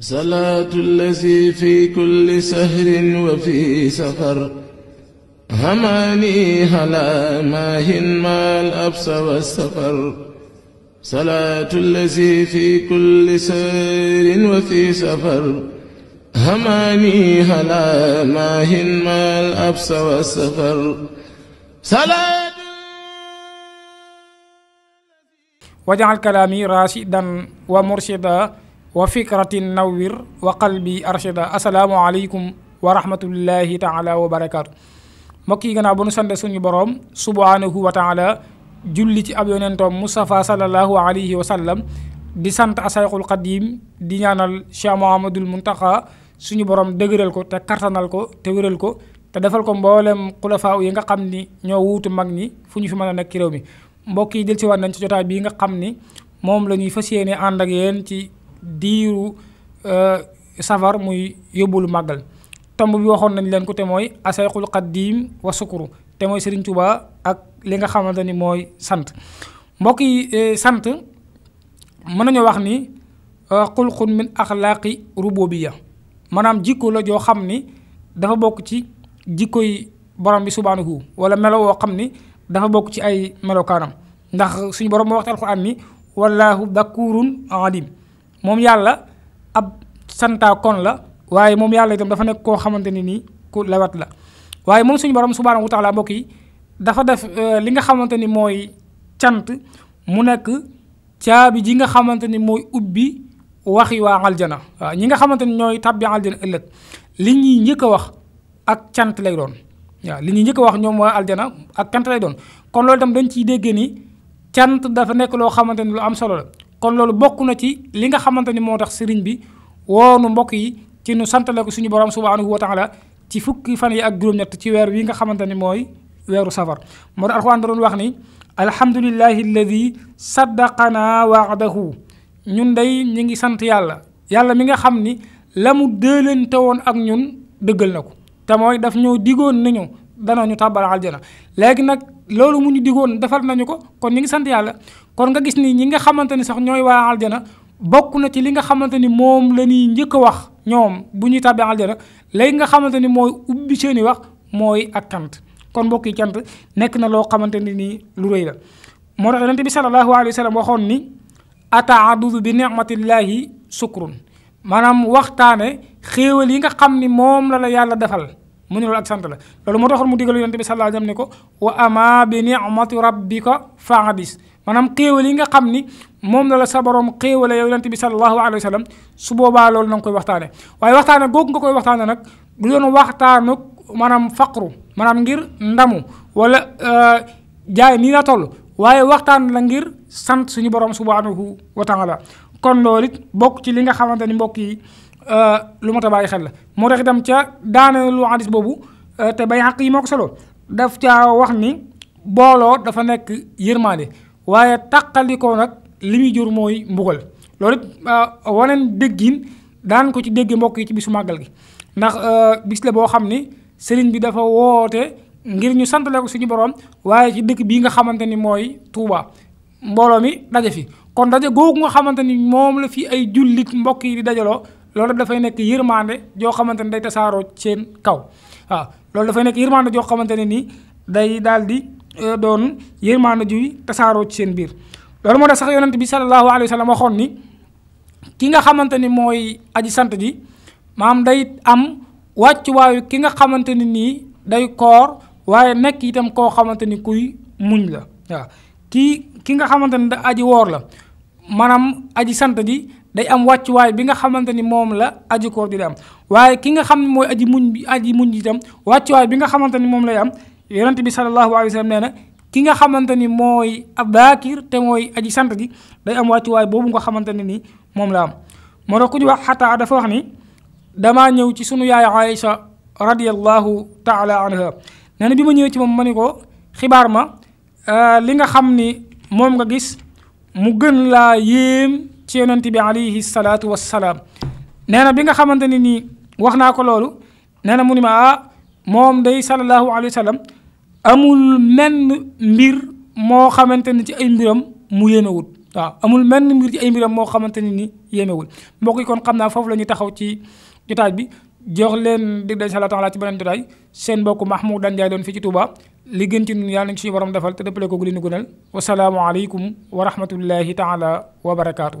صلاة الذي في كل سهر وفي سفر هماني هلا ماهن ما الأبس والسفر صلاة الذي في كل سهر وفي سفر هماني هلا ماهن ما الأبس والسفر صلاة وجعل كلامي راشدا ومرشدا وفكرة نور وقلبي أرشدا asalaamaaleykum wa rahmatullahi taala wa barakaatu mbokk yi gannaaw ba nu sant suñu boroom subhanahu wa taala julli ci ab yonentoom Moustapha sallallahu alayhi wa sallam di sant asayxul qadim di ñaanal Cheikh Mouhamadul Muntaxa suñu borom dëgëral ko te kartanal ko te wéral ko te defal ko mboolem xulafaaw yi nga xam ni ñoo wuutu mag ñi fu ñu fi mën a nekk ci réew mi mbokk yi del si waat nañ ci jotaay bii nga xam ni moom la ñuy fas yéene ànd ak yéen ci diiru euh, safar muy yóbbulu màggal tomb bi waxoon nañ leen ko te mooy asayqul qaddiim wa sukuru te mooy Serigne Touba ak li nga xamante ni mooy sant mbokk yi euh, sant mën nañoo wax ni euh, xulqun min axlaaqi rububiya maanaam jikko la joo xam ni dafa bokk ci jikko yi borom bi subhanahu wala melo woo xam ni dafa bokk ci ay melokaanam ndax suñu borom moo wax ko alxuraan ni wallaahu dakurun alim moom yàlla ab santaakoon la waaye moom yàlla itam dafa nekk koo xamante ne nii ku lawat la waaye moom suñu borom subhaanahu wa taala mbokk yi dafa def euh, li nga xamante ni mooy cant mu nekk caabi ji nga xamante ni mooy ubbi yi waa aljana waaw ñi nga xamante ni ñooy tàbbi aljana ëllëg li ñuy njëkk a wax ak cant lay doon waaw li ñuy njëkk a wax ñoom waa aljana ak cant lay doon kon loolu itam dañ ciy dégg ni cant dafa nekk loo xamante ni lu am solo la kon loolu bokk na ci li nga xamante ni moo tax sëriñ bi woonu mbokk yi ci nu santale ko suñu borom subhanahu wa taala ci fukki fan yi ak juróom-ñett ci weer wi nga xamante ni mooy weeru safar moo tax alxuraan da doon wax ni alhamdulillahi alladi saddaqana waadahu ñun day ñi ngi sant yàlla yàlla mi nga xam ni la mu dëlante woon ak ñun dëggal na ko te mooy daf ñoo digoon nañu dana ñu tàbbal aljana léegi nag loolu mu ñu digoon defal nañu ko kon ñi ngi sant yàlla kon nga gis nii ñi nga xamante ni sax ñooy waa aljana bokk na ci li nga xamante ni moom la ñuy njëkk a wax ñoom bu ñuy tàbbee aljana lay nga xamante ni mooy ubbi seen wax mooy ak cant kon mbokk yi cant nekk na loo xamante ni nii lu rëy la moo tax yonent bi sallallahu alayhi wa sallam waxoon ni ataadudu bi nicmatillahi sukrun maanaam waxtaane xéewal yi nga xam ni moom la la yàlla defal Munul ak sant la loolu mo taxoon mu digal yonte bi sallallahu alayhi wasallam ne ko wa ama bi ni'mati rabbika fa'abis manam xéewal yi nga xamni mom la la sa borom xéewale yow yonte bi sallallahu alayhi wasallam su boba loolu na koy waxtane waaye waxtane gog nga koy waxtane nak du yon waxtane manam faqru manam ngir ndamu wala euh, jaay ni la tollu waye waxtane la ngir sant suñu borom subhanahu wa taala kon lolit bok ci li nga xamanteni mbok yi lu mat a bàyyi xel la moo tax itam ca daane lu hadis boobu euh, te bay xaq yi moo ko solo daf caa wax ni booloo dafa nekk yërmaande waaye taqalikoo nag li muy jur mooy mbugal loolu it euh, waneen déggin daan ko ci dégg mbokk yi ci bisu màggal gi ndax euh, bis la boo xam ni sëriñ bi dafa woote ngir ñu santale ko suñu borom waaye ci dëkk bii nga xamante ni mooy Touba mbooloo mi daje fi kon daje googu nga xamante ni moom la fi ay jullit mbokk yi di dajaloo loolu dafay nekk yërmande joo xamante ne day tasaaroo seen kaw waaw loolu dafay nekk yërmande joo xamante ne nii day daal di euh, doon yërmande juy tasaaroo ci seen biir loolu moo tax sax yonent bi sallallahu alayhi wa sallam waxoon ni ki nga xamante ni aji sant ji maam day am wàccuwaayu ki nga xamante ni nii day koor waaye nekk itam koo xamante ni kuy muñ la waaw ki ki nga xamante ni da aji woor la maanaam aji sant ji day am way bi nga xamanteni mom la aji koor di am waye ki nga xamni moy aji muñ bi aji muñ waccu way bi nga xamanteni mom moom lay am yonent bi sallallahu alaihi wasallam neena ki nga xamanteni moy abakir te moy aji sante di day am way bobu nga xamanteni ni mom la am mo do ku wax hatta dafa wax ni dama ñew ci sunu yaay aisha radiyallahu taala anha neena bima ñew ma ñëwee ci ma ko xibaar ma ah, li nga xamni mom nga gis mu gën la yim ci yonent bi alayhi salaatu wassalaam nee na bi nga xamante ne nii wax naa ko loolu nee na mu ni day sallallahu alayhi wa amul men mbir moo xamante ni ci ay mbiram mu yéemewul waaw amul men mbir ci ay mbiram moo xamante ni ni yéemewul mbokk yi kon xam naa foofu la ñuy taxaw ci jotaay bi jox leen dig dañ sala taala ci beneen jotaay seen mbokk Mahmoud Ndiaye doon fii ci Touba li gën ci ñun yàlla nañ ci borom defal te dëppale ko gu li ñu gënal wasalaamu wa rahmatullahi taala wa barakaatu